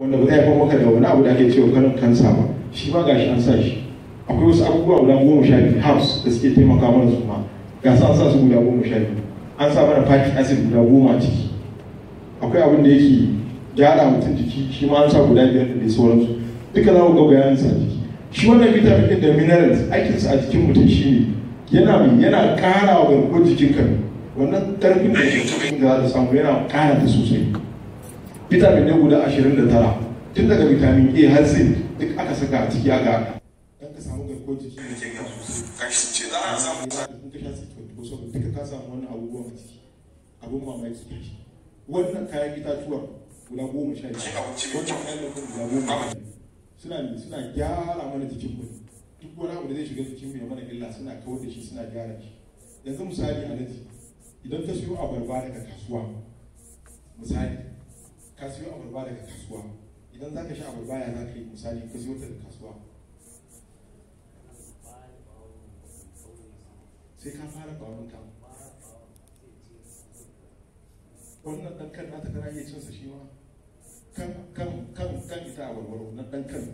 wanda ba zai haifar maka da wani abu da ake cewa kanin kansa ba shi ma gashi an sa shi akwai wasu abubuwa guda goma sha biyu house da suke taimaka mana su ma ga an sa su guda goma sha biyu an sa mana fatty acid guda goma ciki akwai abin da yake gyara mutum jiki shi ma an sa guda biyar da sauransu duka za ku ga bayanin sa jiki shi wannan vitamin din da minerals aikin sa a jikin mutum shine yana yana ƙara wa garkuwar jikinka wannan ƙarfin da jikin da za ta samu yana ƙara ta sosai vitamin ne guda 29 tun daga vitamin a har sai duk aka saka a ciki aka dan ka samu garkuwar jiki da janya sosai kashi ce za a samu ta in ka sha cikin ko so duka ka samu wani abubuwan a ciki abun mamaki ke shi wannan kayan itatuwa guda goma sha biyu wannan kayan lafiyar guda goma suna suna gyara mana jikin mu duk wani abu da zai shiga jikin mu ya mana illa suna kawar da shi suna gyara shi yanzu misali a nan idan ka siyo abarba daga kasuwa misali ka siyo abarba daga kasuwa idan za ka sha abarba ya za ka yi misali ka siyo ta daga kasuwa sai ka fara bawon ta wannan ɗankan kan ta kana iya cinsa shi ma kan kan kan kan ita abarba na ɗankan kan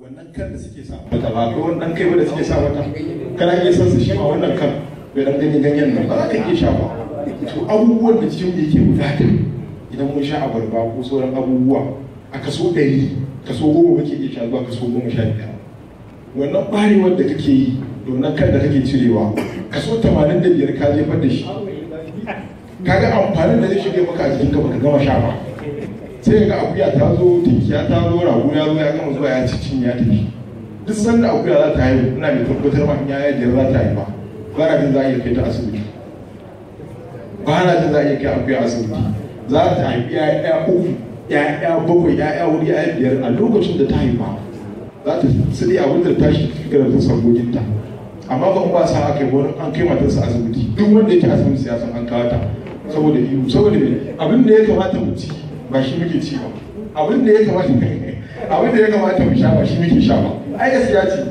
wannan kan da suke sa Wata ba ko wannan kai da suke sa mata kana iya son shi ma wannan kan bai dan ganin ganyen nan ba za ka iya sha ba to abubuwan da cikin yake bukata idan mun sha abarba ko sauran abubuwa a kaso ɗari kaso goma muke iya sha zuwa kaso goma sha biyar wannan ɓarewar da kake yi domin kan da kake cirewa kaso tamanin da biyar ka jefar da shi kaga amfanin da zai shige maka a jikinka baka gama sha ba sai ga akuya ta zo tinkiya ta zo rago ya zo ya gama zuwa ya ci cin ya tafi duk sanda akuya za ta haihu ina mai tabbatar ma in ya yadda za ta haifa ba na jin za a iya kai ta asibiti ba na jin za a iya kai akuya asibiti za ta haifi ya'ya uku ya'ya bakwai ya'ya wuri ya'ya biyar a lokacin da ta haifa za ta sani abin da ta shi cikin sargoginta amma ba ba sa aka yi wani an kai matarsa asibiti duk wanda yake asibiti siyasa an kawo ta saboda ihu saboda me abin da ya kamata mu ci ba shi muke ci ba abin da ya kamata abin da ya kamata mu sha ba shi muke sha ba ai gaskiya ce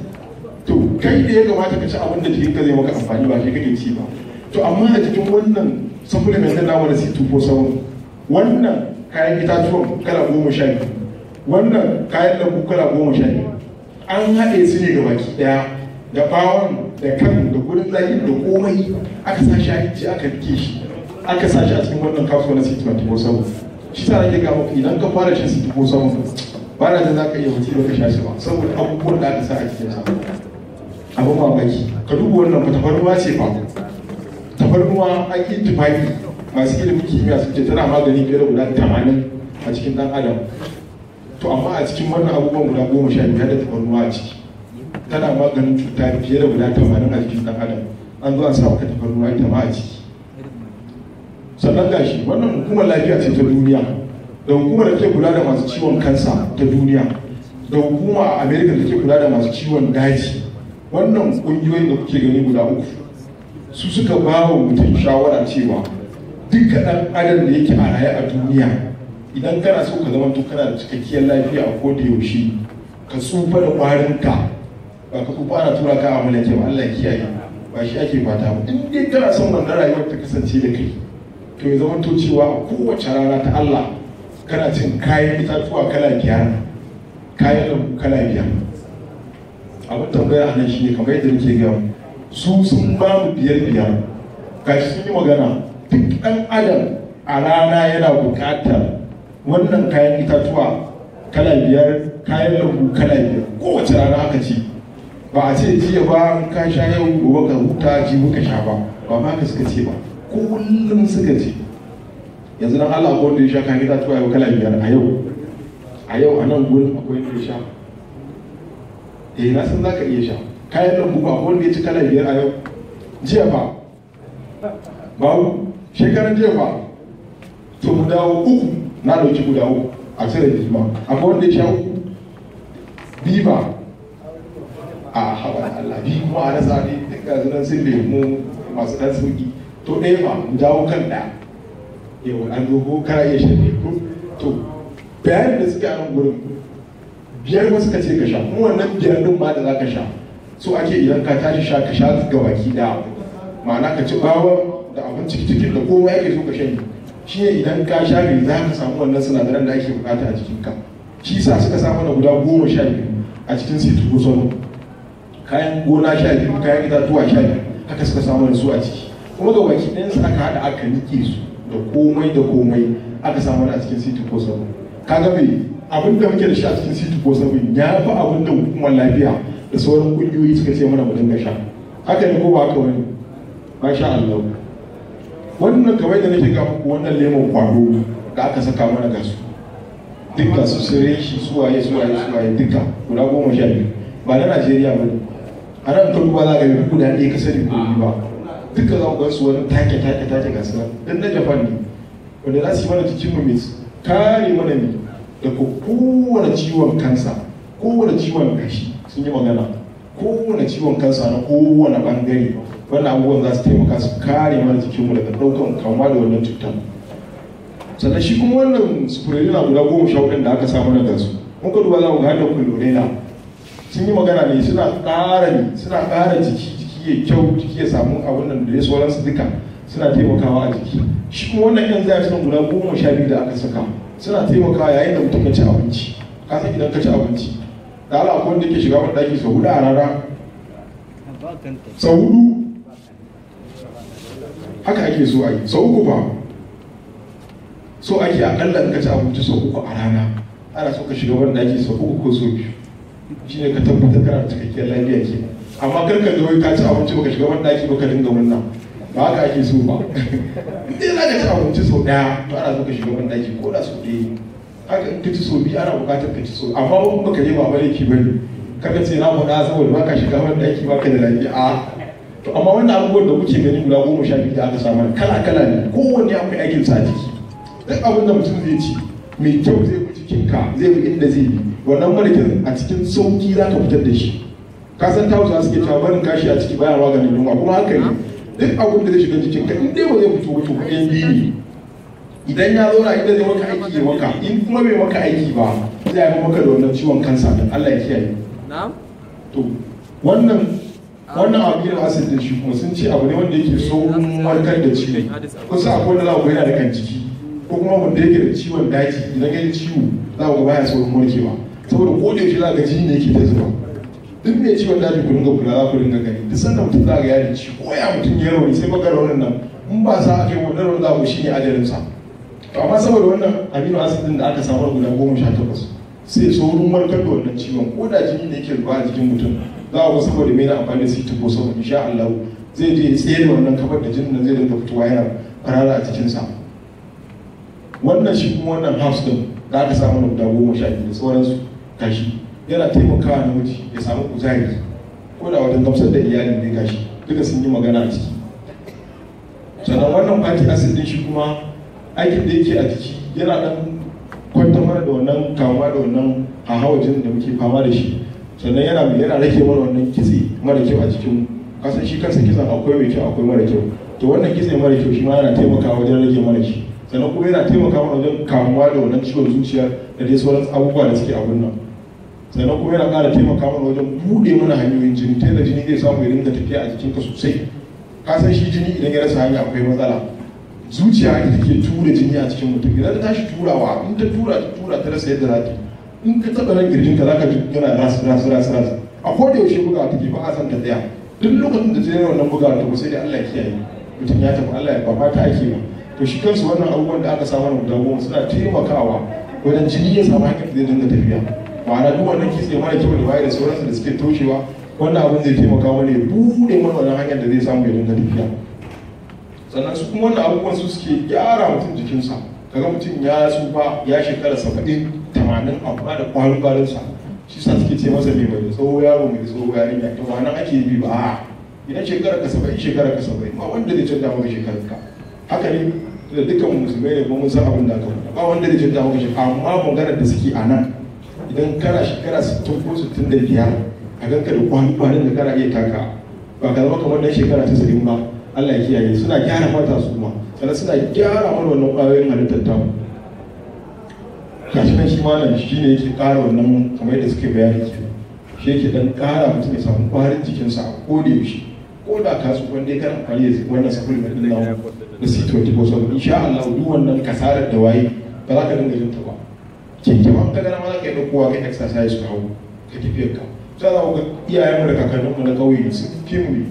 to kai da ya kamata ka ci abin da ka zai maka amfani ba shi kake ci ba to amma a cikin wannan supplement na wani na C247 wannan kayan itatuwan kala goma sha biyu wannan kayan lambu kala goma sha biyu an haɗe su ne ga baki ɗaya da bawon da kan da gudun zaki da komai aka sa shi a ce aka rike shi aka sa shi a cikin wannan kasuwa na city 24 shi sa nake gama muku idan ka fara shi city 24 ba na da za ka iya mutu da ka sha shi ba saboda abubuwan da aka sa a cikin sa abin baki, ka duba wannan ba tafarnuwa ce ba tafarnuwa a yi tufafi masu ilimin kimiyya sun ce tana magani fiye da guda tamanin a cikin dan adam to amma a cikin wannan abubuwan guda goma sha biyar da tafarnuwa a ciki tana maganin cuta fiye da guda tamanin a cikin dan adam an zo an sa maka tafarnuwa ita ma a ciki sannan gashi wannan hukumar lafiya ce ta duniya da hukumar da ke kula da masu ciwon kansa ta duniya da hukuma a america da ke kula da masu ciwon daji wannan kungiyoyin da kuke gani guda uku su suka ba wa mutum shawara cewa duka dan adam da yake a raye a duniya idan kana so ka zama to kana da cikakkiyar lafiya a koda yaushe ka tsufa da ka ba ka tsufa ana tura ka a malake ba Allah kiyaye ba shi ake fata ba in dai kana son wannan rayuwar ta kasance da kai to ya zama to cewa a kowace rana ta Allah kana cin kayan itatuwa kala biyar kayan lambu kala biyar abin tambaya a nan shi ne kamar yadda nake ga su sun ba mu biyar biyar shi sun yi magana duk ɗan adam a rana yana buƙatar wannan kayan itatuwa kala biyar kayan lambu kala biyar kowace rana aka ci ba a ce jiya ba ka sha yau gobe ka huta ji muka sha ba ba ma ka suka ce ba kullum suka ce yanzu nan Allah ko wanda ya sha kayan itatuwa yau kala biyar a yau a yau a nan gurin akwai wanda ya sha eh na san zaka iya sha kayan lambu ba wanda ya ci kala biyar a yau jiya ba babu shekaran jefa ma to mu dawo uku na dauki guda uku a sai da jima akwai wanda ya sha uku biba ba a haɓar Allah bi kuma a rasa ne daga zunan sun lemu masu ɗan sauki to ɗaya ba mu dawo kan ɗaya yawan an dogo kara iya shan ko to bayanin da suke a gurin biyar wasu ka ce ka sha kuma wannan biyar din ma da za ka sha so ake idan ka tashi sha ka sha ga baki da ma'ana ka ci bawon da abin cikin da kowa yake so ka shanye shi ne idan ka sha biyu za ka samu wannan sinadaran da ake bukata a ka shi sa suka samu da guda goma sha biyu a cikin situ solo kayan gona sha biyu kayan itatuwa sha biyu haka suka samu da su a ciki kuma ga baki sa aka haɗa aka nike su da komai da komai aka samu a cikin situ ko ka ga me abin da muke da shi a cikin situ ko ya fi abin da hukumar lafiya da sauran ƙungiyoyi suka ce mana mu dinga sha haka ne ko ba haka wani masha Allah wannan kamar da nake ga muku wannan lemon kwado da aka saka mana ga su duka su sire shi suwaye suwaye suwaye duka guda goma sha biyu ba na najeriya ba ne a nan ta duba za a yi guda ɗaya ka sani ko ba duka za ku ga su wani take take take ga su nan na japan ne wanda za su yi mana cikin mu mai kare mana ne ko kowane ciwon kansa kowane ciwon gashi sun yi magana kowane ciwon kansa na kowane bangare wannan abubuwan za su taimaka su kare mana jikinmu daga ɗaukan kamuwa da wannan cutar sannan shi kuma wannan spirulina guda goma sha hudun da aka samu na gasu muka duba za mu ga hannun kullurena sun yi magana ne suna ƙara suna ƙara jiki jiki ya kyau jiki ya samu abin nan da ya sauransu duka suna taimakawa a jiki shi kuma wannan yan zai suna guda goma sha biyu da aka saka suna taimakawa yayin da mutum ka ci abinci ka san idan ka ci abinci da ala akwai wanda ke shiga wani ɗaki sau hudu a rana sau hudu haka ake zuwa yi sau uku ba so ake akalla in ka ci abinci sau uku a rana ana so ka shiga wani daki sau uku ko sau biyu shi ne ka tabbatar kana cikakkiyar lafiya ke amma kar ka zo ka ci abinci ba ka shiga wani ba ka dinga murna ba haka ake so ba in za ka ci abinci sau daya to ana so ka shiga wani daki ko da sau ɗaya haka in ka ci sau biyu ana buƙatar ka ci sau amma in ka je ba ba laifi ba ne kada ce na faɗa saboda ba ka shiga wani daki ba ka da lafiya a to amma wannan abubuwan da kuke gani guda goma sha biyu da aka samar kala kala ne kowanne akwai aikin sa jiki duk abin da mutum zai ci mai kyau zai fi cikinka zai fi inda zai bi wannan mulkin a cikin sauki za ka fitar da shi ka san ta hausa suke cewa barin kashi a ciki baya maganin yunwa kuma hankali duk abin da zai shiga cikin ka dai ba zai fito ba yan biyu ne idan ya zauna inda zai maka aiki ya maka in kuma bai maka aiki ba zai haifar maka da wannan ciwon kansa Dan Allah ya kiyaye to wannan wannan abu da asir da shi kuma sun ce abu ne wanda yake so markar da ci ne kusa akwai da za ku yana da kan ciki ko kuma da yake da ciwon daji idan ya ciwo za ku baya saurin warkewa saboda ko da za ga jini ne yake ta zuba duk mai ciwon daji ku dinga kula za ku dinga gani duk sanda mutum za ga ya ci ko ya mutum ya rauni sai maka raunin nan in ba sa a yi wannan raunin za ku shi ne ajalinsa amma saboda wannan amino acid din da aka samar guda goma sha takwas sai saurin markar da wannan ciwon ko da jini ne yake zuba a jikin mutum za a wasu saboda da na amfani da su ta kosa in sha Allah zai je tsere wannan kafar da jinin nan zai dinga fitowa yana farara a cikin sa wannan shi kuma wannan house din da aka samu da guda goma sha biyu da sauransu gashi yana taimakawa miji ya samu kuzari ko da wajen gamsar da iyalin ne gashi duka sun yi magana a ciki sannan wannan fatty acid din shi kuma aikin da yake a ciki, yana dan kwantar da wannan kamuwa da wannan hahawajin da muke fama da shi sannan yana yana rage mana wannan kitse mara kyau a cikin kasan shi kansa kitsen akwai mai kyau akwai mara kyau to wannan kitse mara kyau shi ma yana taimakawa wajen rage mana shi sannan kuma yana taimakawa mana wajen kamuwa da wannan ciwon zuciya da dai sauran abubuwa da suke abin nan sannan kuma yana ƙara taimaka mana wajen buɗe mana hanyoyin jini ta yadda jini zai samu ya dinga tafiya a jikinka sosai kasan shi jini idan ya rasa hanya akwai matsala zuciya ita take tura jini a cikin mutum idan ta tashi turawa in ta tura ta tura ta rasa yadda za ta yi in ka taɓa ran kirjin ka zaka ji yana ras ras ras ras a koda yaushe buga take ba a san ta tsaya duk lokacin da zai wannan buga ta sai da Allah ya kiyaye mutum ya tafi Allah ya ba fata ake ba to shi kansu wannan abubuwan da aka samu guda goma suna taimakawa wajen jini ya samu hakan zai dinga tafiya ma'ana duk wannan kitse mara kyau da bayar da sauransu da suke toshewa wannan abun zai taimaka mana ya buɗe mana wannan hanyar da zai samu ya dinga tafiya sannan su kuma wannan abubuwan su suke gyara mutum jikinsa kaga mutum ya tsufa ya shekara saba'in tamanin amma da kwarin kwarin sa shi sa suke ce masa mai mai tsawo yaro mai tsawo yarin ya to wani ake bi ba a idan shekarar ka saba'in shekarar ka saba'in ba wanda zai canja maka shekarar ka haka ne da dukkan musulmai ne mun san abin da ka faɗa ba wanda zai canja maka shekarar amma maganar da suke a nan idan kana shekara sittin ko sittin da biyar a ganka da kwani kwanin da kana iya taka ba ka zama kamar dan shekara ta ba Allah ya kiyaye suna gyara mata su kuma sannan suna gyara mana wannan kwayoyin halittar tamu kashin shi malam shi ne yake ƙara wannan kamar yadda suke bayani ke shi yake dan ƙara mutum ya samu ƙwarin jikinsa a koda yaushe ko da ka tsufa dai kana amfani da wannan supplement na nan da C24 shi insha Allah duk wannan kasarar da waye ba za ka dinga jin ta ba keke ba ka ga ma za ka yi ɗaukowa kai exercise ka hau ka tafiya ka za za ku ga mu da kakanninmu na ƙauye su fi mu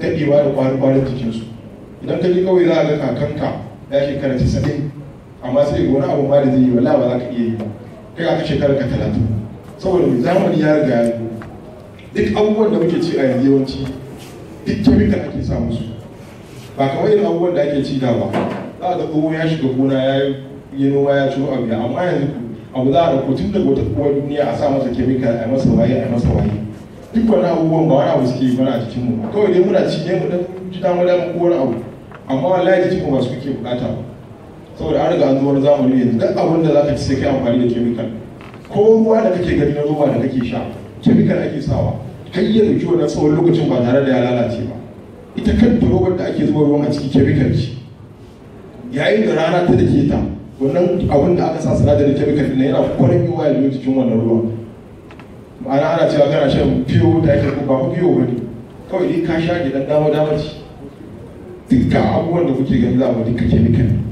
daɗewa da ƙwarin ƙwarin jikinsu idan ka je ƙauye za a ga kakanka ya shekara 90 amma sai wani abu ba da zai yi wala ba za ka iya yi ba kai aka shekarar ka talatin saboda mai zamani ya riga ya duk abubuwan da muke ci a yanzu yawanci duk kemikal ake sa musu ba kamar yin abubuwan da ake ci da ba za a ga ya shiga gona ya yi noma ya ciro abu amma yanzu abu za a da tun daga wata uwar duniya a sa masa kemikal a masa waye a masa waye duk wani abubuwan ba wani abu suke yi mana a jikinmu kawai dai muna ci ne mu dan ji damu damu ko wani abu amma wallahi jikinmu ba su kuke bukata ba saboda an riga an zuwa zamani yanzu duk abin da zaka ci sai kai amfani da chemical ko ruwa da kake gani na ruwa da kake sha chemical ake sawa har iya dauki wannan tsawon lokacin ba tare da ya lalace ba ita kanta robar da ake zuwa ruwan a ciki chemical ce yayin da rana ta dake ta wannan abin da aka sa sinadarin chemical ne yana kwarin yiwa ya biyo cikin wannan ruwan ma'ana ana cewa kana shan fiyo da ake ba ku fiyo ba ne kawai dai ka sha gidan dama dama ce dukkan abubuwan da kuke gani za mu duka chemical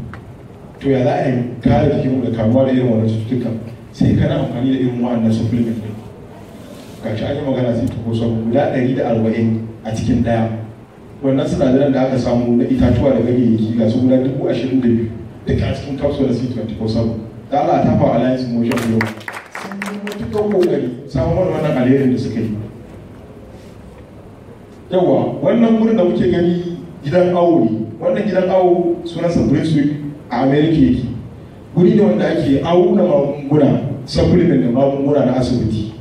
to ya za a yi kare jikin mu da kamuwa da irin wannan cututtuka sai kana amfani da irin wa'annan supplement din gashi an yi magana sai ta kusa guda ɗari da arba'in a cikin ɗaya wannan sinadaran da aka samu na itatuwa da ganyayyaki ga su guda dubu ashirin da biyu da a cikin capsule na c ta kusa da Allah ta fa alliance motion yau sun yi kokari samun wannan alherin da suka yi yawa wannan wurin da muke gani gidan awo ne wannan gidan awo sunansa Brunswick a america yake guri ne wanda ake auna magunguna supplement da magunguna na asibiti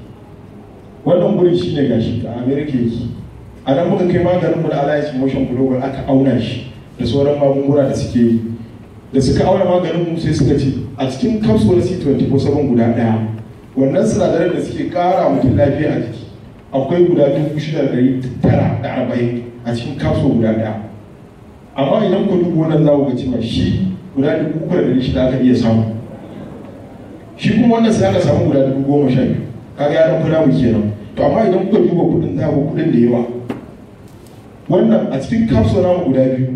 wannan gurin shi ne gashi a america yake a nan muka kai maganin mu da alliance motion global aka auna shi da sauran magunguna da suke yi da suka auna maganin mu sai suka ce a cikin capsule c24 guda daya wannan sinadarin da suke kara mutum lafiya a jiki akwai guda dubu shida da ɗari tara da arba'in a cikin capsule guda daya amma idan ku duba wannan za ku ga cewa shi guda dubu uku da ɗari shida aka iya samu shi kuma wannan sai aka samu guda dubu goma sha biyu kaga ya ɗan kuɗa mu kenan to amma idan kuka duba kuɗin ta kuɗin da yawa wannan a cikin kapsul namu guda biyu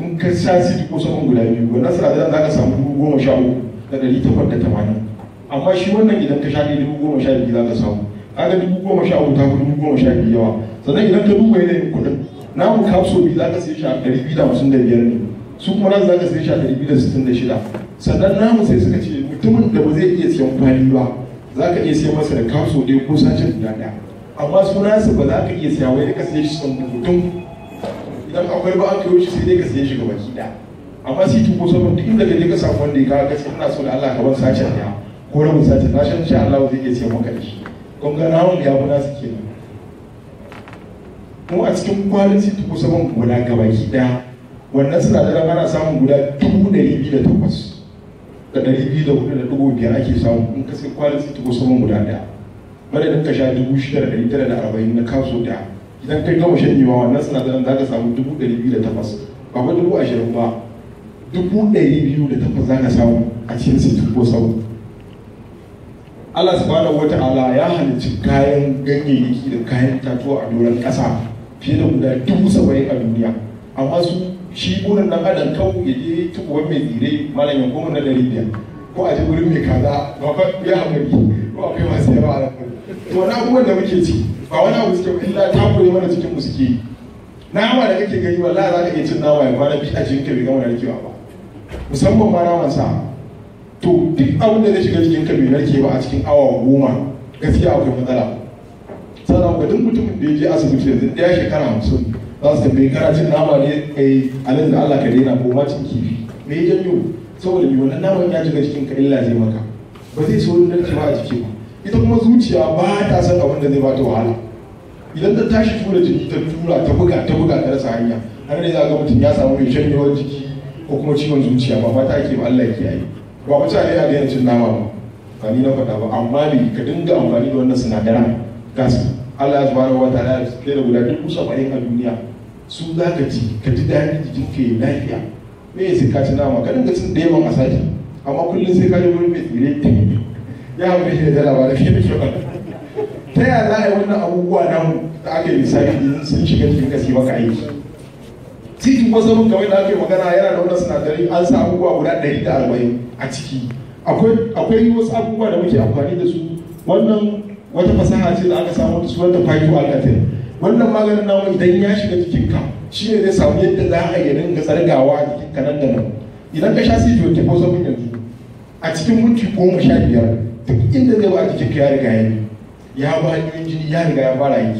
in ka sha su ko saman guda biyu wannan da za ka samu dubu goma sha uku da ɗari takwas da tamanin amma shi wannan idan ka sha ne dubu goma sha biyu za ka samu kaga dubu goma sha uku ta fi dubu goma sha biyu yawa sannan idan ka duba yanayin kuɗin namu kapsul biyu za ka sai shi a ɗari biyu da hamsin da biyar ne su kuma nan za ka sai shi a ɗari biyu da sittin da shida sannan namu sai suka ce mutumin da ba zai iya siyan kwali ba za ka iya siyan masa da kaso dai ko sashen guda ɗaya amma suna su ba za ka iya siya wai ka siya shi san mutum idan akwai ba aka yi shi sai dai ka siya shi gaba baki ɗaya amma sai tuko sabon duk inda ka je ka samu wanda ya kawo ka ce ina so da Allah ka ban sashen ɗaya ko rabin sashen sashen insha Allah zai iya siyan maka da shi kun ga namun ya fi nasu kenan mu a cikin kwalin sai tuko sabon guda gaba baki ɗaya wannan sinadaran ana samun guda dubu ɗari biyu da takwas da ɗari biyu da hudu da dubu biyar ake samu in ka sai kwaliti tuko saman guda ɗaya madadin ka sha dubu shida da ɗari tara da arba'in na kaso ɗaya idan kai gama shan suna wannan sinadaran za ka samu dubu ɗari biyu da takwas ba ba dubu ashirin ba dubu ɗari biyu da takwas za ka samu a cikin sitin ko saman Allah subhanahu wa ta'ala ya halicci kayan ganyayyaki da kayan tatuwa a doron ƙasa fiye da guda dubu saba'in a duniya amma su shi burin dan adam kawo ya je tukuwan mai tsire malamin goma na ɗari biyar ko a ji wurin mai kaza ba ba ya hamari ko kai masu yawa a rafa to wani abubuwan da muke ci ba wani abu suke illa kure mana cikin mu suke nama da kake gani wallahi za ka iya cin nama ya kwana biyu a cikin ka bai gama narkewa ba musamman ma naman sa to duk abin da zai shiga cikin ka bai narke ba a cikin awa goma gaskiya akwai matsala sannan ga duk mutumin da ya je asibiti yanzu ɗaya shekara hamsin za su tambaye karatun nama ne kai eh, alin da Allah ka daina ko ma cin kifi me ya janyo saboda me wannan naman ya shiga cikin ka illa zai maka ba zai so nan ba a jiki ba ita kuma zuciya ba ta san abin da zai ba ta wahala idan ta tashi tura jiki ta tura ta buga ta buga ta rasa hanya har ne za ga mutum ya samu mai shanyewar jiki ko kuma ciwon zuciya ba fata ake ba Allah ya kiyaye ba ba ne a daina cin nama ba ba ni na faɗa ba amma ne ka dinga amfani da wannan sinadaran gas Allah ya subhanahu wa ta'ala ya da guda dubu saba'in a duniya su za ka ci ka ji daɗin jikin ka yi lafiya me ya sai ka ci nama ka dinga cin da yawan a sati amma kullum sai ka yi wani mai tsire ta ya mu shi da labarai fiye da ke ba ta yaya za a yi wannan abubuwa namu da aka yi lissafi sun shiga cikin kasi maka aiki cikin wasu kamar da ake magana yana da wannan sinadarai an sa abubuwa guda ɗari da arba'in a ciki akwai wasu abubuwa da muke amfani da su wannan wata fasaha ce da aka samu da su wanda faito alkatin wannan maganin namu idan ya shiga jikinka shi ne zai samu yadda za a yi ringa tsargawa a jikinka nan da nan idan ka sha sijo ta ko mun yanzu a cikin minti goma sha biyar duk inda zai ba a jikinka ya riga ya yi ya ba hanyoyin jini ya riga ya fara yi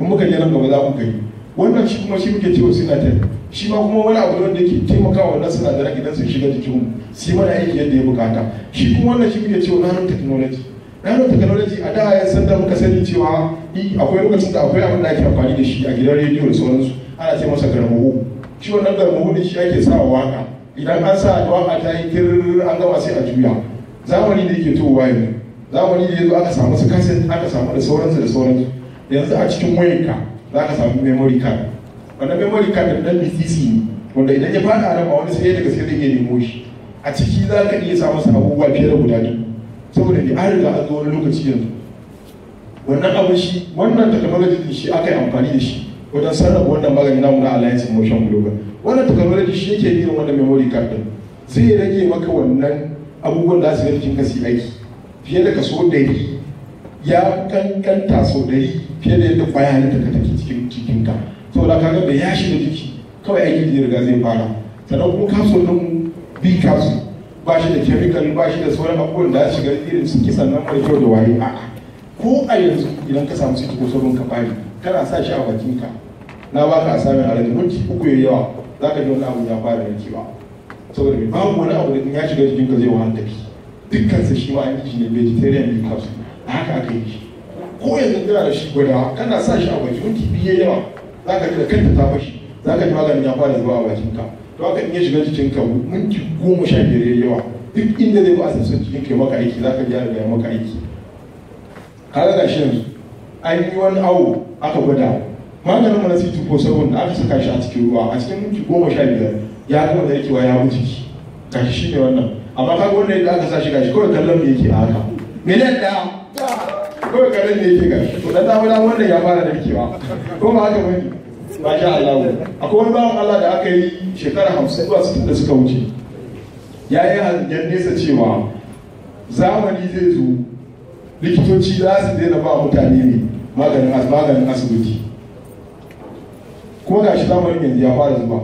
in muka je nan gaba za mu gani wannan shi kuma shi muke cewa sinadar shi ma kuma wani abu wanda ke taimakawa wannan sinadaran idan sun shiga jikinmu su yi mana aiki yadda ya bukata shi kuma wannan shi muke cewa nanon technology nano technology a da ya san da muka sani cewa akwai lokacin da akwai abin da ake amfani da shi a gidan rediyo da sauransu ana ce masa garmuhu shi wannan garmuhu ne shi ake sa waka idan an sa waka ta yi kir an gama sai a juya zamani da yake towa ne zamani da yanzu aka samu su kasin aka samu da sauransu da sauransu yanzu a cikin wayanka za ka samu memory card wannan memory card da dan bisisi ne wanda idan ya fara a nan ba wani sai daga sai da iya nemo shi a ciki za ka iya samu abubuwa fiye da guda biyu saboda ne an riga an zo wani lokaci yanzu wannan abin shi wannan technology din shi aka yi amfani da shi wajen sarrafa wannan magani namu na alliance motion global wannan technology shi yake yin wannan memory card din zai rage maka wannan abubuwan da su cikin kasi aiki fiye da kaso dari ya kankanta so dari fiye da yadda bayanin da ka take cikin ka saboda kaga da ya shiga jiki kawai aiki da riga zai fara sannan kuma kaso din bi kaso ba shi da chemical ba shi da sauran abubuwan da shiga irin su kisan nan mai kyau da waye a'a ko a yanzu idan ka samu ciki ko sauran ka bari kana sa shi a bakin ka na baka a samun alaji minti uku yayi yawa zaka ji wani abu ya fara rikewa saboda me babu wani abu da ya shiga jikin ka zai wahala tafi dukkan su shi ma an ji ne vegetarian a haka aka yi shi ko yanzu kana da shi gwadawa kana sa shi a bakin minti biyu yayi yawa zaka ji da kanta ta fashi zaka ji maganin ya fara zuwa a bakin ka to haka in ya shiga cikin ka minti goma sha biyar ya yawa duk inda zai ba a sassan cikin ka maka aiki za ka ji ya maka aiki kaga gashi yanzu an yi wani awo aka gwada maganin mana sai c sabon da aka saka shi a cikin ruwa a cikin minti goma sha biyar ya gama da yakewa ya wuce shi gashi shi ne wannan amma kaga wanda yadda aka sa shi gashi kawai kallon me yake a haka miliyan ɗaya kawai kallon me yake gashi to dan dama wannan ya fara narkewa ko ma haka wani masha Allah akwai wani bawan Allah da aka yi shekara hamsin zuwa sittin da suka wuce ya yi hangen nesa cewa zamani zai zo likitoci za su daina ba mutane ne maganin asibiti Kuma ga shi zamanin yanzu ya fara zuba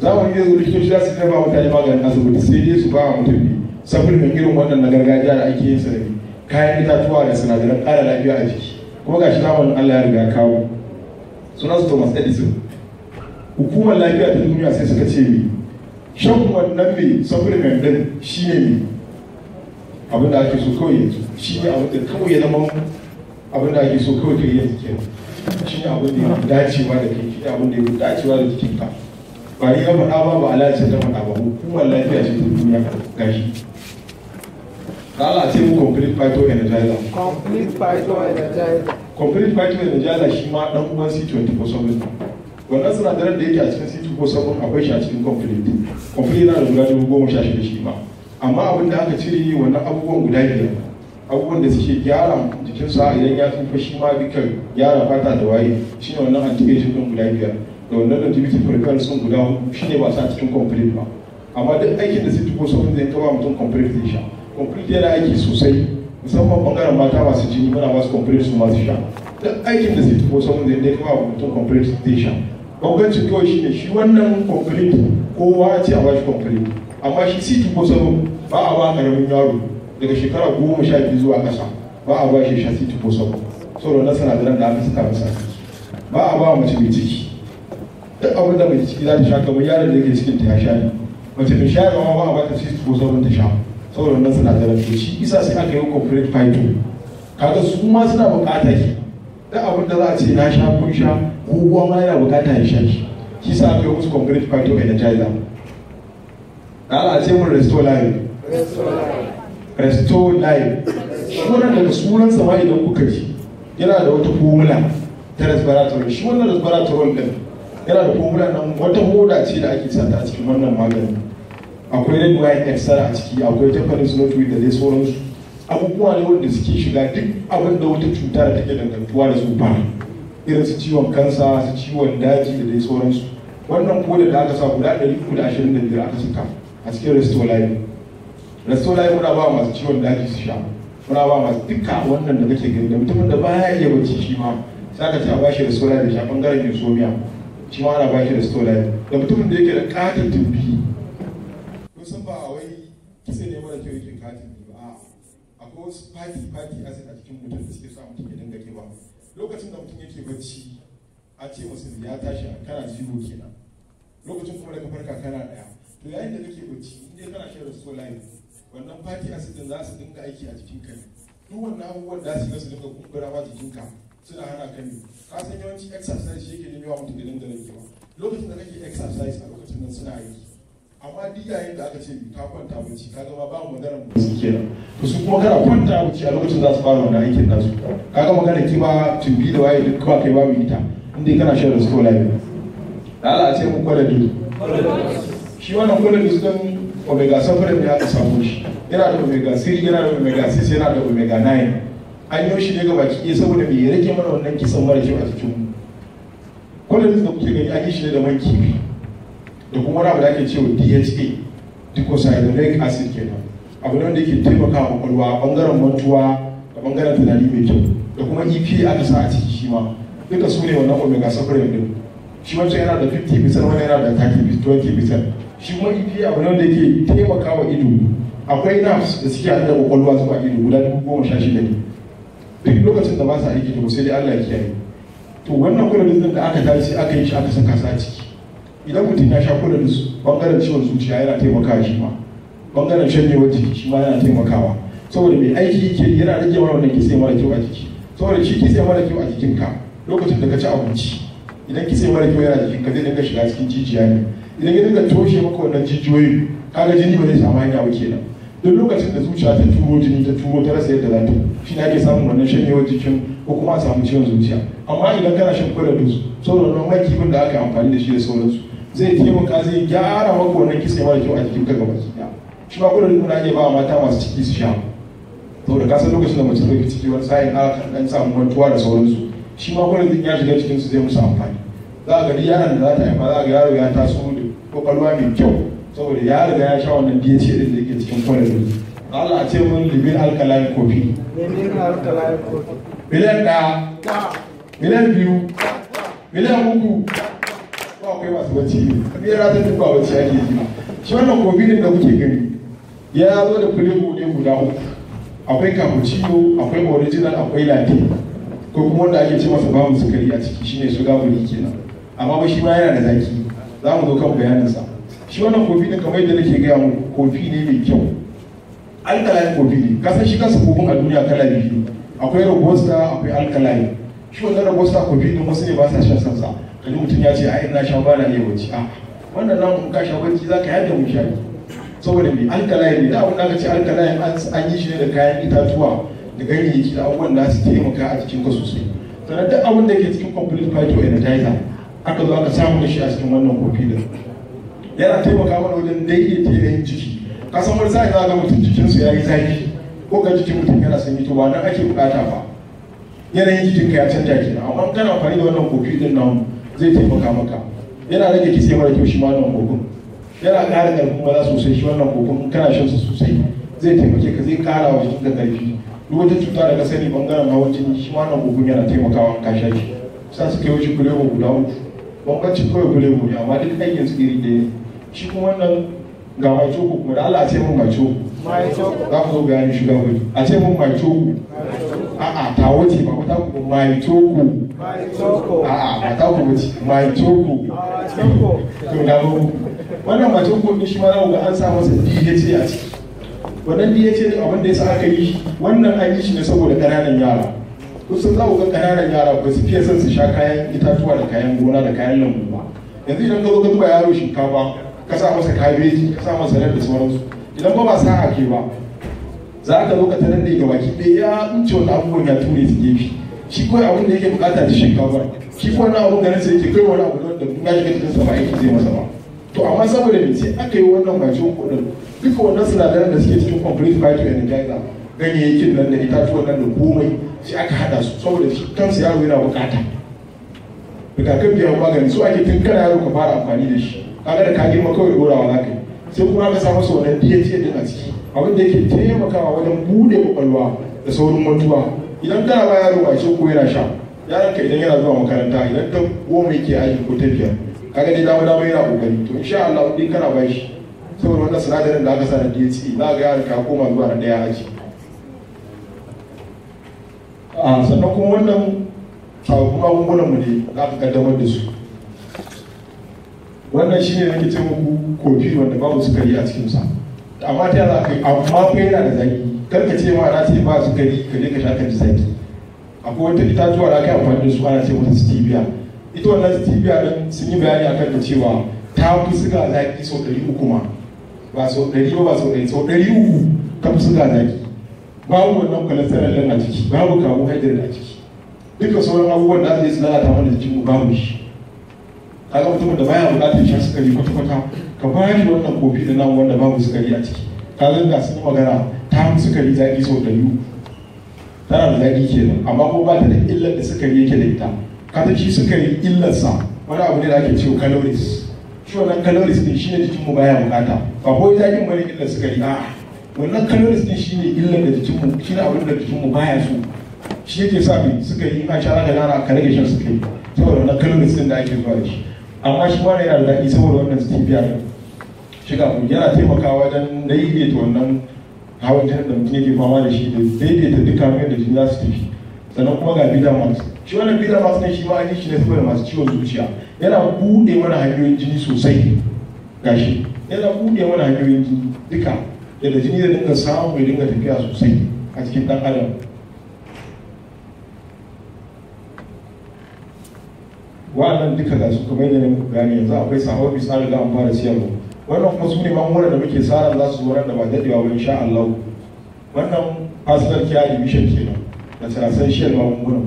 zamanin yanzu likitoci za su daina ba mutane maganin asibiti sai dai su ba mutane supplement irin wannan na gargajiya da ake yin sa kayan itatuwa da sinadaran ƙara lafiya a jiki kuma ga shi zamanin Allah ya riga kawo Suna su Thomas Edison hukumar lafiya ta duniya sai suka ce mi shan wannan mai supplement din shi ne mi abin da ake so kawai yanzu shi ne abinda kawai ya zama abin da ake so kawai yi yanzu kenan shi ne abin da ya dacewa da kai shi ne abin da ya dacewa da jikinka ba ni ya faɗa ba ba ala ce ta faɗa ba hukumar lafiya ce ta duniya gashi ala ce mu complete phyto energizer complete phyto energizer complete vitamin najala shi ma dan uwan C24 wannan suna da yake a cikin C24 akwai shi a cikin complete complete yana da guda dubu goma sha shida shi ma amma abin da aka cire wannan abubuwan guda biyar abubuwan da suke gyara jikinsa idan ya tsufa shi ma dukkan gyara fata da waye shi ne wannan anti ɗin din guda biyar da wannan longevity preference sun guda hudu shi ne ba sa cikin complete ba amma duk aikin da C24 zai kawo mutum complete zai sha complete yana aiki sosai musamman bangaren mata masu cini, muna masu complaints su masu sha duk aikin da zai tafi saman zai dai kawo mutum complaints zai sha bambancin kawai shi ne shi wannan complaint kowa ya a bashi complaint amma shi city ko sabo ba a ba karamin yaro daga shekara goma sha biyu zuwa ƙasa ba a ba shi sha city ko sabo saboda na sanadaran da aka saka masa ba a ba mace mai ciki duk abin da mai ciki za ta sha kamar yaron da ke cikin ta ya sha ne mace mai shayarwa ba a ba ta city ko ta sha saboda suna sinadaran to shi isa sai aka yi corporate fighting kaga su ma suna bukata shi da abin da za a ce na sha kun sha ko kuwa ma yana bukata ya sha shi shi sa aka yi musu corporate python Nigeria da ala ce mun restore life restore life shi wannan daga sunan sama idan kuka ji yana da wata formula ta respiratory shi wannan respiratory din yana da formula nan wata hoda ce da ake sata a cikin wannan maganin akwai red wine extra a ciki akwai tetanus notary da dai sauransu abubuwa ne wanda suke shiga duk abin da wata cuta da take dangantuwa da su ba irin su ciwon kansa su ciwon daji da dai sauransu wannan kodin da aka sa guda ɗari uku da ashirin da biyar aka saka a cikin restolayi restolayi muna ba masu ciwon daji su sha muna ba masu duka wannan da kake gani da mutumin da baya iya bacci shi ma sai aka ce a bashi restolayi da sha bangaren yusomiya shi ma ana bashi restolayi da mutumin da yake da katin tumbi wasu fati-fati acid a jikin mutum da suke sa mutum ya dinga kiba lokacin da mutum yake bacci a ce masu ya tashi kana zero kenan lokacin kuma daga farka kana daya to yayin da kake bacci in dai kana shan rasu layi wannan fati acid din za su dinga aiki a jikin ka duk wannan abubuwan da su ga su dinga kumbura ma jikinka suna hana ka ne ka san yawanci exercise yake nemi wa mutum da dinga rage lokacin da kake exercise a lokacin nan suna aiki amma duk yayin da aka ce ka kwanta bacci ka gama ba mu maganar mu kenan su kuma kana kwanta wuce a lokacin za su fara wannan aikin nasu kaga magana ki ba tumbi da waye duk ba kai babu ita inda kana shan rasko lafiya da Allah ce mu kwada dudu shi wannan kwada dudu din omega 7 ne aka samu shi yana da omega 3 yana da omega 6 yana da omega 9 an yi shi ne ga baki ɗaya saboda bai rage mana wannan kisan mara shi a cikin mu kwada dudu da kuke gani ake shi ne da man kifi da kuma wani abu da ake cewa DHA decocyanoic acid kenan abu ne wanda yake taimaka wa kwalwa bangaren mantuwa da bangaren tunani mai kyau da kuma ep aka sa a ciki shi ma duka su ne wannan omega supplement din shi wancan yana da 50 bisan wani yana da 30 bisan shi kuma ep abu ne wanda yake taimaka wa ido akwai nerves da suke hada da kwalwa zuwa ido guda dubu goma sha shida ne duk lokacin da ba sa aiki to sai dai Allah ya kiyaye to wannan kudin da aka tashi aka yi shi aka saka sa ciki idan mutum ya sha su, bangaren ciwon zuciya yana taimaka shi ma bangaren wa jiki shi ma yana taimakawa saboda mai aiki ke yana rage mana wannan kitse mara kyau a jiki saboda shi kitse mara kyau a jikinka lokacin da ka ci abinci idan kitse mara kyau yana jikinka zai dinga shiga cikin jijiya ne idan ya dinga toshe maka wannan jijiyoyi kaga jini ba zai samu hanya ba kenan duk lokacin da zuciya ta turo jini ta turo ta rasa yadda za ta shi ne ake samun wannan wa jikin ko kuma a samu ciwon zuciya amma idan kana shan kwarar su saboda wannan mai kifin da aka amfani da shi da sauransu zai taimaka zai gyara maka wannan kitse mara kyau a jikinka gaba ki shi kuma kudin rikuna ake ba mata masu ciki su sha saboda ka san lokacin da mace ta ciki wani sa'in ana kan samu mantuwa da sauransu shi ma kuma din ya shiga cikin su zai musu amfani za a gari yaron da za ta haifa za a ga yaro ya taso da kwakwalwa mai kyau saboda ya riga ya sha wannan DHA din da yake cikin kudin Allah a ce mun limin alkalai kofi. Limin alkaline kofi. Miliyan ɗaya. Miliyan biyu. Miliyan uku. Ba kai masu bacci ne. Kamar ta tafi a bacci ake ji Shi wannan kofi ne da kuke gani. ya zo da flavor ne guda uku akwai cappuccino akwai original akwai latte ko kuma wanda ake ce masa babu sukari a ciki shine su sugar ke kenan amma ba shi ma yana da zaki za mu zo kan bayaninsa shi wannan kofi ne kamar yadda nake gaya muku kofi ne mai kyau alkaline kofi ne kasan shi kansa kofin a duniya kala biyu akwai robusta akwai alkaline shi wannan robusta kofi ne wasu ne ba sa shan sansa kaji mutum ya ce ai ina sha ba na iya a wannan nan ka sha bacci za ka yadda mu sha saboda mai alkalayin ne da abin da aka ce alkalayin an yi shi ne da kayan itatuwa da ganyayyaki da abubuwan da su taimaka a cikin ka sosai sannan duk abin da ke cikin complete phyto energizer aka zo aka samu da shi a cikin wannan kofi da yana taimaka mana wajen daidaita yanayin ciki kasan wani sa'i za ga mutum jikinsu ya yi zafi ko ga jikin mutum yana sanyi to ba nan ake bukata ba yanayin jikinka ya canja kenan amma kana amfani da wannan kofi din nan zai taimaka maka yana rage kitse mara kyau shi ma wannan kofin yana ƙara ƙarfin maza sosai shi wannan kokon kana shan sa sosai zai taimake ka zai ƙara wa jikin da ƙarfi duk wata cuta da ka sani bangaren hawan jini shi ma wannan kokon yana taimakawa ka sha shi sa su kai wuce kulebo guda uku bambancin kawai kulebo ne amma duk aikin su iri ɗaya shi kuma wannan ga mai coku kuma da Allah a ce mun mai coku za ku zo bayani shiga wuri a ce mun mai coko a'a ta wuce ba ku ta ku mai coko a'a ba ta ku wuce mai coku to mu wannan mace ko shi ma zaku ga an sa masa DHA a ciki wannan DHA ne abin da yasa aka yi wannan an yi shi ne saboda ƙananan yara kusan za ku ga ƙananan yara ba su fiye son su sha kayan itatuwa da kayan gona da kayan lambu ba yanzu idan ka zo ka zuba yaro shinkafa ka sa masa kabeji ka sa masa rar da sauransu idan ba ba sa ke ba za ka zo ka tarar da gabaki ɗaya ya ince wani abubuwan ya ture su gefe shi kawai abin da yake bukata da shinkafa shi kawai na abin ganin sai yake kai wani abu da ya shiga cikin sama ba aiki zai masa ba to amma saboda mai ce aka yi wannan mashin kudin duka wannan sinadaran da suke cikin complete bio energizer ganyayyakin nan da itatuwan nan da komai sai aka hada su saboda shi kansa yaro yana bukata rigakafi ya magani su ake tun kana yaro ka fara amfani da shi kaga da ka girma kawai dorawa za ka yi sai kuma aka samu su wannan DHA din a ciki abin da yake taimakawa wajen bude kwakwalwa da saurin mutuwa idan kana ba yaro ba shi ko yana sha yaron ka idan yana zuwa makaranta idan ta goma yake aiki ko ta biyar kaga dai dama dama yana kokari to insha Allah din kana bashi saboda wannan sinadarin da aka sa na DHE za ga yaron ka koma zuwa na daya aji a ah, sannan kuma wannan sababbin magungunan mu ne za ka kaddamar da su wannan shine nake ce muku kofi wanda babu sukari a cikin sa amma ta za ka amma kai yana da zaki kar ka ce ma na ce ba sukari ka je ka sha ka ji zaki akwai wata itatuwa da aka yi amfani da su ana ce mata stevia ita wannan stevia din sun yi bayani akan da cewa ta fi suga zaki sau ɗari uku ma ba sau ɗari ba ba sau ɗari sau ɗari uku ka fi suga zaki babu wannan cholesterol din a ciki babu carbohydrate a ciki duka sauran abubuwan da zai lalata mana jikin mu babu shi kaga mutumin da baya buƙatar shan sukari kwata kwata ka bayar shi wannan kofi da namu wanda babu sukari a ciki kaga ga sun magana ta fi sukari zaki sau ɗari uku. tana da zaki kenan amma kuma ba ta da illar da sukari yake da ita kasan shi suka yi illarsa wani abu ne da ake cewa calories shi wannan calories ne shi ne jikinmu baya bukata ba ko yin wani illar suka yi a wannan calories ne shi ne illar da jikinmu shi ne abin da jikinmu baya so shi yake sa mai suka yi ina shara da rana ka rage shan suka yi saboda wannan calories din da ake zuwa da shi amma shi wani yana da daɗi saboda wannan stevia din shi ga yana taimakawa wajen daidaita wannan hawan jinin da mutum yake fama da shi da daidaita duka mai da jini za su tafi sannan kuma ga beta shi wannan beta max ne shi ma an yi shi ne saboda masu ciwon zuciya yana buɗe mana hanyoyin jini sosai gashi yana buɗe mana hanyoyin jini duka yadda jini zai dinga samu ya dinga tafiya sosai a cikin ɗan adam wa'annan duka ga su kamar yadda muku gane yanzu akwai sabon misali ga an fara siyarwa wannan kuma su ne mamuran da muke tsara za su zo da ba daɗewa ba insha Allah wannan personal care division kenan da transactional magungunan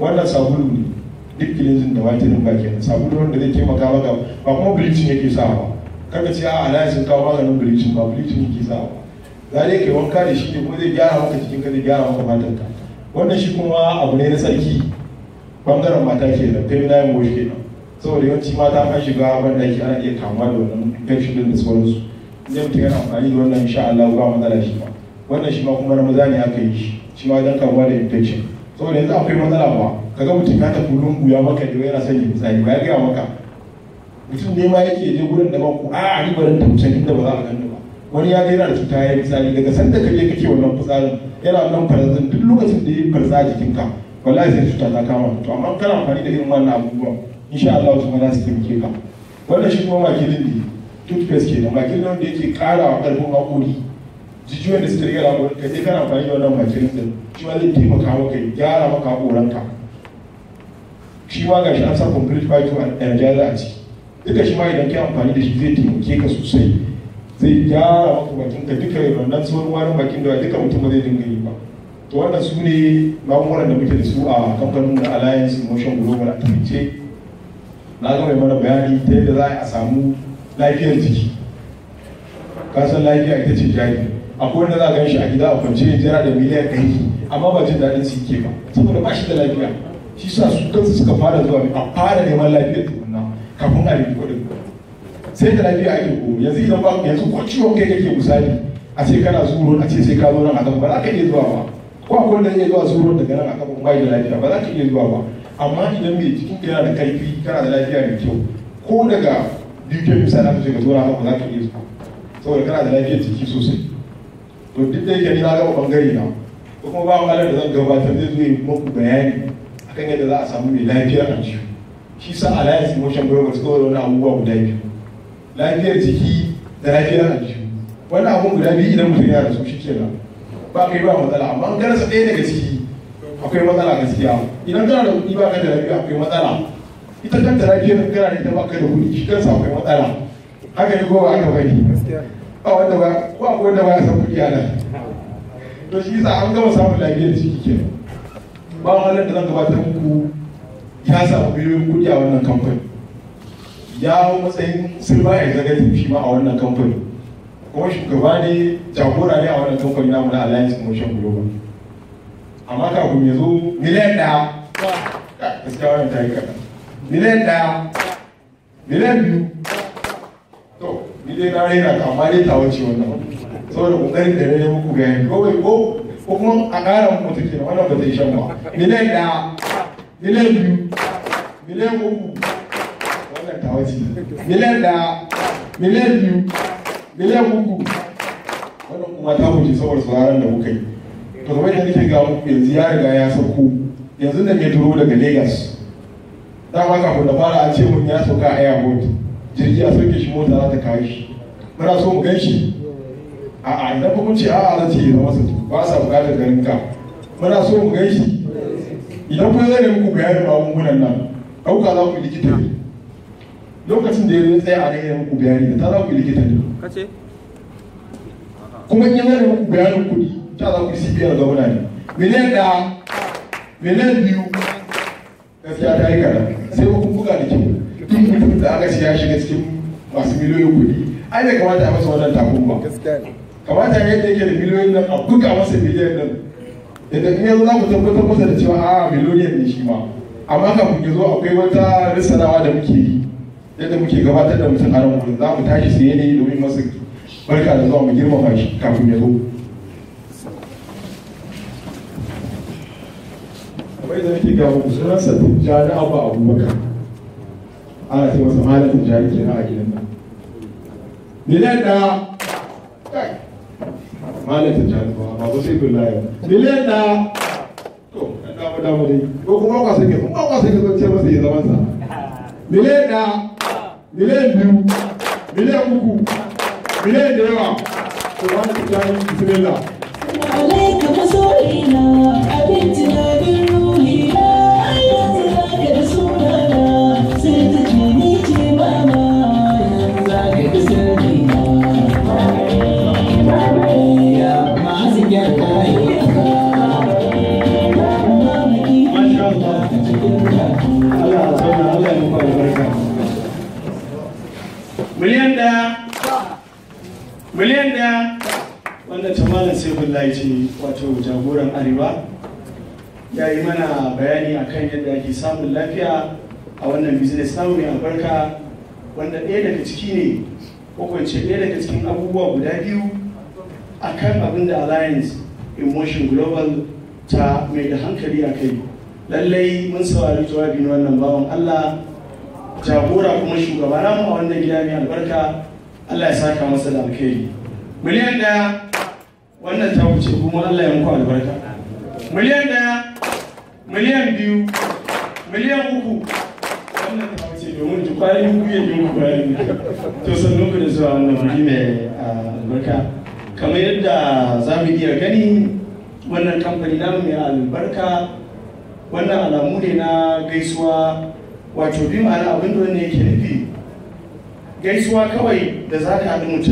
wannan sabulu ne duk cleansing da whitening ba kenan sabulu wanda zai taimaka maka ba kuma bleaching yake sa ba kaga ce a ala sun kawo maganin bleaching ba bleaching yake sa ba za kai wanka da shi ne kuma zai gyara maka jikinka zai gyara maka matanta. wannan shi kuma abu ne na sarki bangaren mata ke da na yin ke nan saboda yawanci mata an shiga ban ke ana iya kamuwa da wannan infection din da sauransu in mutum yana amfani da wannan insha Allah ba matsala shi ba wannan shi ma kuma na maza ne aka yi shi shi ma idan kamuwa da infection saboda yanzu akwai matsala ba ga mutum ya tafi lungu ya maka da yana son ya fitsari ba ya gaya maka mutum ne ma yake je wurin da ku a ni barin ta mutum inda ba za a gani ba wani ya yana da cuta ya yi fitsari daga sanda ka je kake wannan fitsarin yana nan farzan duk lokacin da ya yi farza a jikinka wallahi sai cuta ta kama to amma kana amfani da irin wannan abubuwa insha Allah su ma za su taimake ka wannan shi kuma makilin ne toothpaste kenan makilin da yake karawa karfin ƙarfin haƙori jijiyoyin da suka riga rago kai sai kana amfani da wannan makirin din shi ma zai taimaka maka ya gyara maka haƙoranka shi ma gashi an sa complete bio energizer a ciki duka shi ma idan kai amfani da shi zai taimake ka sosai zai gyara maka bakin ka duka wannan tsohon warin bakin da duka mutum zai dinga yi ba to wannan su ne magungunan da muke da su a kamfanin da alliance motion global a tafice na ga mai mana bayani ta yadda za a samu lafiyar jiki kasan lafiya ita ce jari akwai wanda za a ganshi shi a gida a kwance jira da miliyan ɗari amma ba jin daɗin su ke ba saboda ba shi da lafiya shi sa su kansu suka fara zuwa a fara neman lafiyar tukunna kafin a rufe kuɗin sai da lafiya ake ko yanzu idan ba yanzu ko ciwon kai kake misali a ce kana zuro a ce sai ka zo nan a gaba ba za ka iya zuwa ba ko akwai wanda zai zuwa zuro daga nan a gaba ba da lafiya ba za ka iya zuwa ba amma idan mai jikin ka yana da kaifi kana da lafiya mai kyau ko daga biyu ke misali ka ce ka zo nan ba za ka iya zuwa saboda kana da lafiyar jiki sosai to duk da yake ni na gaba bangare na ko kuma ba wani da zan gabatar zai zo yi muku bayani akan yadda za a samu mai lafiyar a shi sa alliance motion programs ko wani abubuwa guda biyu lafiyar jiki da lafiyar a jiyo wani abun guda biyu idan mutum ya rasu shi kenan ba kai ba matsala amma an garasa ɗaya daga ciki akwai matsala gaskiya idan kana da kuɗi ba ka da lafiya akwai matsala ita kanta lafiyar kana da ita ba ka da kuɗi shi kansa akwai matsala haka ne ko ba haka bane A wanda ba ko akwai wanda ba ya san kuɗi a nan to shi yasa an gama samun da ciki ke ba wahalar da zan gabatar muku ya samu miliyoyin kuɗi a wannan kamfani ya hau matsayin silba ya zaga shi ma a wannan kamfani kuma shugaba ne jagora ne a wannan kamfani namu na alliance motion global amma kafin ya zo miliyan ɗaya gaskiya wannan ta yi kaɗan miliyan ɗaya miliyan biyu ni na raina ka amma dai ta wuce wannan saboda kokarin da ne muku ga yanzu kawai ko ko kuma a ƙara muku take na wannan ba zai shan ba miliyan ɗaya miliyan biyu miliyan uku wannan ta wuce miliyan ɗaya miliyan biyu miliyan uku wannan kuma ta wuce saboda sauraron da muka yi to kamar yadda nake ga muku yanzu ya riga ya sauko yanzu da turo daga lagos dama kafin da fara a ce mun ya sauka a airport jirgi a sauke shi mota za ta kawo shi kana so mu gan shi a'a idan kuma ce a'a na ce zama su ba sa bukatar ganin ka muna so mu gan shi idan kuma zai muku bayanin magungunan nan ɗauka za ku likita ne lokacin da ya tsaye a nan ya muku bayani da ta za ku likita ne kuma in yana muku bayanin kuɗi ta za ku yi cpr gwamna ne miliyan da miliyan biyu gaskiya ta yi kaɗan sai ku buga da ke duk mutum da aka siya shiga cikin masu miliyoyin kuɗi ai bai kamata a masa wannan takunkuma kamata yadda yake da miliyoyin nan a buga masa miliyan nan yadda in yanzu za mu tabbatar masa da cewa a miliyoyin ne shi ma amma kafin ya zo akwai wata risalawa da muke yi yadda muke gabatar da mutum a nan wurin za mu tashi sai ne domin masa barka da zuwa mu girmama shi kafin ya zo kamar yadda nake ga sunansa tijjani abu abubakar ana ce masa malam tijjani kenan a gidan nan miliyan ɗaya kai malam ta jani dama dama dai ko kuma ka sake zaman sa miliyan ɗaya miliyan biyu miliyan uku miliyan da yawa to malam miliyan daya miliyan daya wannan ta malam sai ce wato jagoran arewa ya yi mana bayani akan yadda ake samun lafiya a wannan business samu mai albarka wanda ɗaya daga ciki ne kwakwance ɗaya daga cikin abubuwa guda biyu akan abin da alliance motion global ta mai da hankali a kai lallai mun saurari jawabi na wannan bawan allah jagora kuma shugaba mu a wannan gida mai albarka Allah ya saka masa da alkhairi miliyan daya wannan ta wuce kuma Allah ya muku albarka miliyan daya miliyan biyu miliyan uku wannan ta wuce domin ji kwari uku ya yi muku bayani to san ku da zuwa wannan wuri mai albarka kamar yadda za mu iya gani wannan kamfani namu mai albarka wannan alamu ne na gaisuwa wato bi ma'ana abin da wannan yake nufi gaisuwa kawai da za ka haɗu mutum